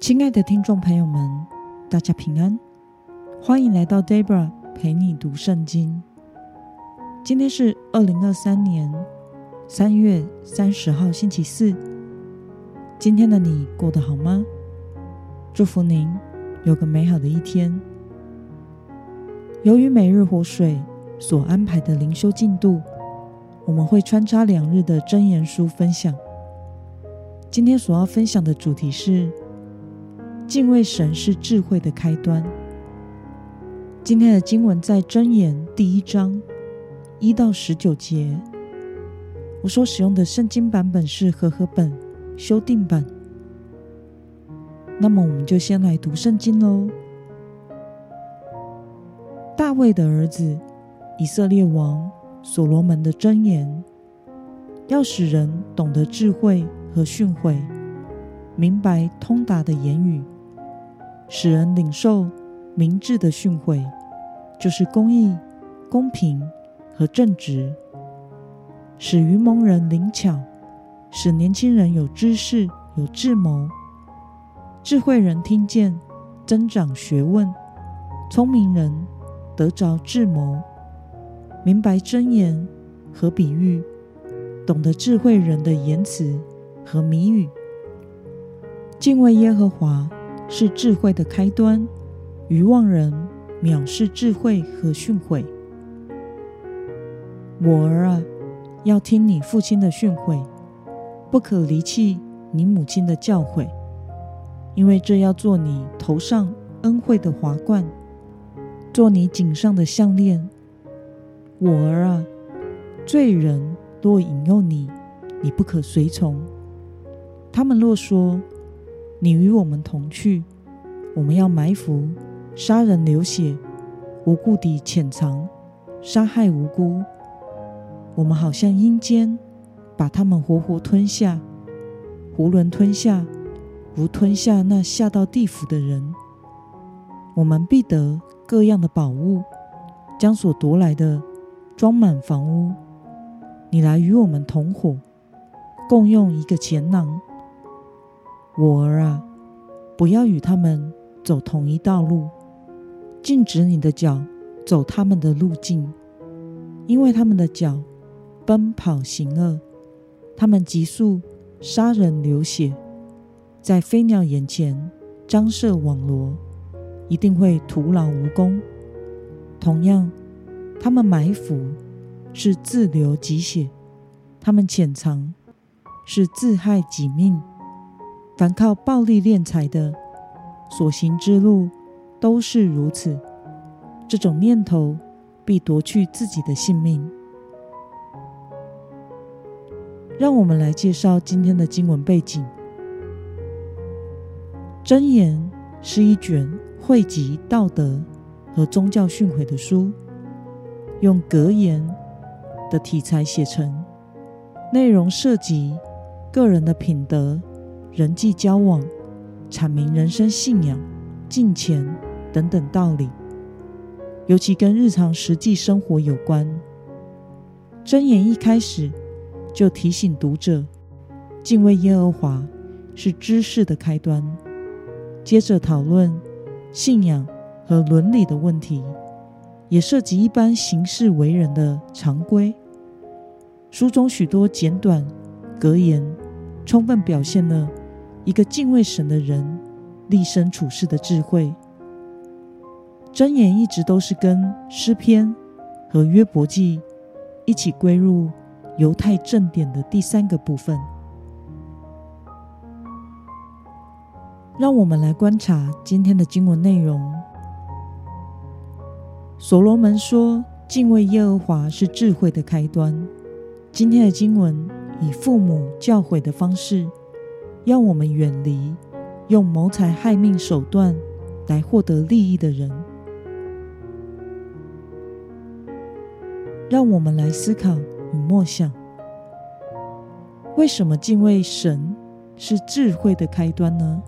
親愛的聽眾朋友們，大家平安，歡迎來到 Debra 陪你讀聖經。今天是二零二三年三月三十號，星期四。今天的你過得好嗎？祝福您有個美好的一天。由於每日活水所安排的靈修進度，我們會穿插兩日的箴言書分享。今天所要分享的主題是。敬畏神是智慧的開端。今天的經文在《箴言》第一章一到十九節。我所使用的聖經版本是和合本修訂版。那麼，我們就先來讀聖經嘍。大衛的兒子以色列王所羅門的箴言，要使人懂得智慧和訓誨，明白通達的言語。使人領受明智的訓誨，就是公義、公平和正直；使愚蒙人靈巧，使年輕人有知識、有智謀；智慧人聽見，增長學問；聰明人得着智謀，明白箴言和比喻，懂得智慧人的言辭和謎語，敬畏耶和華，是智慧的開端，愚妄人藐視智慧和訓誨。我兒啊，要聽你父親的訓誨，不可離棄你母親的教誨，因為這要作你頭上恩惠的華冠，作你頸上的項鏈。我兒啊，罪人若引誘你，你不可隨從；他們若說。你與我們同去，我們要埋伏、殺人、流血、無故地潛藏、殺害無辜。我們好像陰間，把他們活活吞下，囫圇吞下，如吞下那下到地府的人。我們必得各樣的寶物，將所奪來的裝滿房屋。你來與我們同夥，共用一個錢囊。我兒啊，不要與他們走同一道路，禁止你的腳走他們的路徑，因為他們的腳奔跑行惡，他們急速殺人流血，在飛鳥眼前張設網羅，一定會徒勞無功。同樣，他們埋伏是自流己血，他們潛藏是自害己命。凡靠暴力斂財的，所行之路都是如此。這種念頭必奪去自己的性命。讓我們來介紹今天的經文背景。箴言是一卷彙集道德和宗教訓誨的書，用格言的題材寫成，內容涉及個人的品德。人際交往、闡明人生信仰、敬虔等等道理，尤其跟日常實際生活有關。箴言一開始就提醒讀者，敬畏耶和華是知識的開端，接着討論信仰和倫理的問題，也涉及一般行事為人的常規。書中許多簡短格言，充分表現了。一個敬畏神的人，立身處世的智慧。箴言一直都是跟詩篇和約伯記一起歸入猶太正典的第三個部分。讓我們來觀察今天的經文內容。所羅門說：“敬畏耶和華是智慧的開端。”今天的經文以父母教誨的方式。要我們遠離用謀財害命手段來獲得利益的人。讓我們來思考與默想：為什麼敬畏神是智慧的開端呢？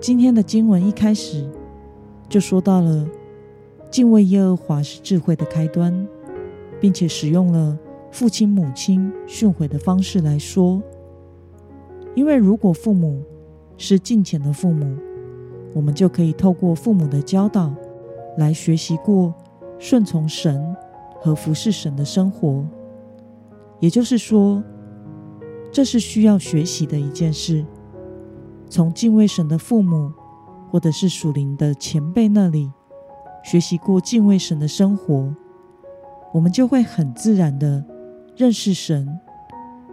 今天的經文一開始就說到了敬畏耶和華是智慧的開端，並且使用了父親母親訓誨的方式來說。因為如果父母是敬虔的父母，我們就可以透過父母的教導來學習過順從神和服侍神的生活。也就是說，這是需要學習的一件事。從敬畏神的父母，或者是屬靈的前輩那裡學習過敬畏神的生活，我們就會很自然的認識神。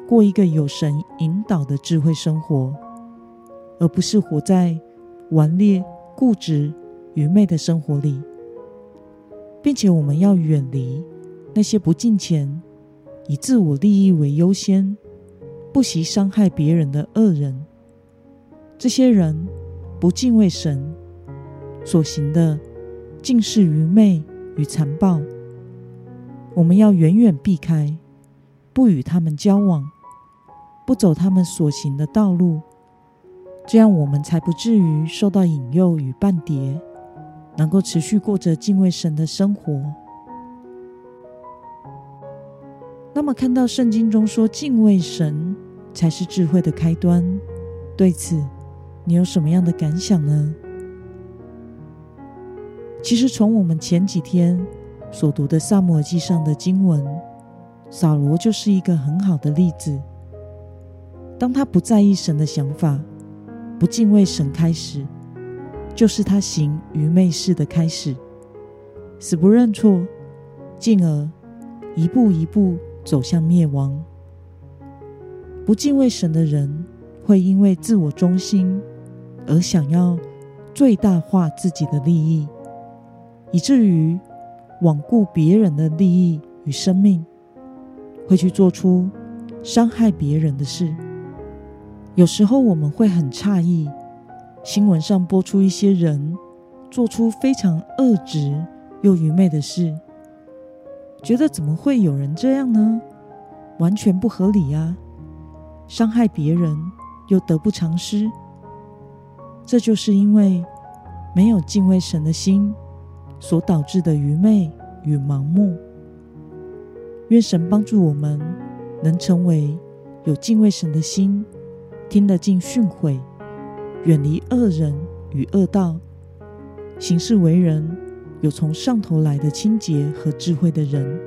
過一個有神引導的智慧生活，而不是活在頑劣、固執、愚昧的生活裡。並且我們要遠離那些不敬虔、以自我利益為優先、不惜傷害別人的惡人。這些人不敬畏神，所行的盡是愚昧與殘暴。我們要遠遠避開。不與他們交往，不走他們所行的道路，這樣我們才不至於受到引誘與絆跌，能夠持續過着敬畏神的生活。那麼，看到聖經中說敬畏神才是智慧的開端，對此你有什麼樣的感想呢？其實，從我們前幾天所讀的撒母耳記上的經文。掃羅就是一個很好的例子。當他不在意神的想法，不敬畏神開始，就是他行愚昧事的開始，死不認錯，進而一步一步走向滅亡。不敬畏神的人，會因為自我中心而想要最大化自己的利益，以至於罔顧別人的利益與生命。會去做出傷害別人的事。有時候我們會很詫異，新聞上播出一些人做出非常惡質又愚昧的事，覺得怎麼會有人這樣呢？完全不合理啊！傷害別人又得不償失，這就是因為沒有敬畏神的心所導致的愚昧與盲目。願神幫助我們，能成為有敬畏神的心，聽得進訓誨，遠離惡人與惡道，行事為人有從上頭來的清潔和智慧的人。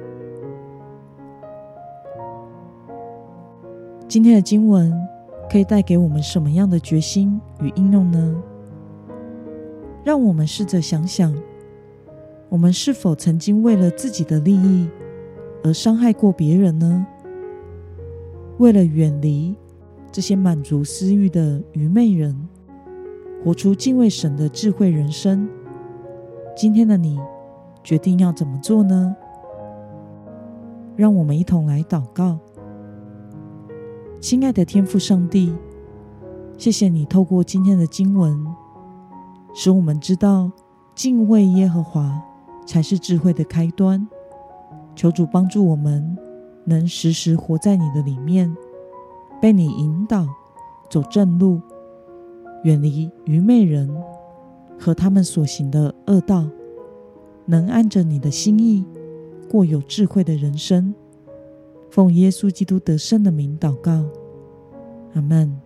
今天的經文可以帶給我們什麼樣的決心與應用呢？讓我們試着想想，我們是否曾經為了自己的利益，而傷害過別人呢？為了遠離這些滿足私慾的愚昧人，活出敬畏神的智慧人生，今天的你決定要怎麼做呢？讓我們一同來禱告，親愛的天父上帝，謝謝你透過今天的經文，使我們知道敬畏耶和華才是智慧的開端。求主幫助我們，能時時活在你的裡面，被你引導，走正路，遠離愚昧人和他們所行的惡道，能按着你的心意過有智慧的人生。奉耶穌基督得勝的名禱告，阿門。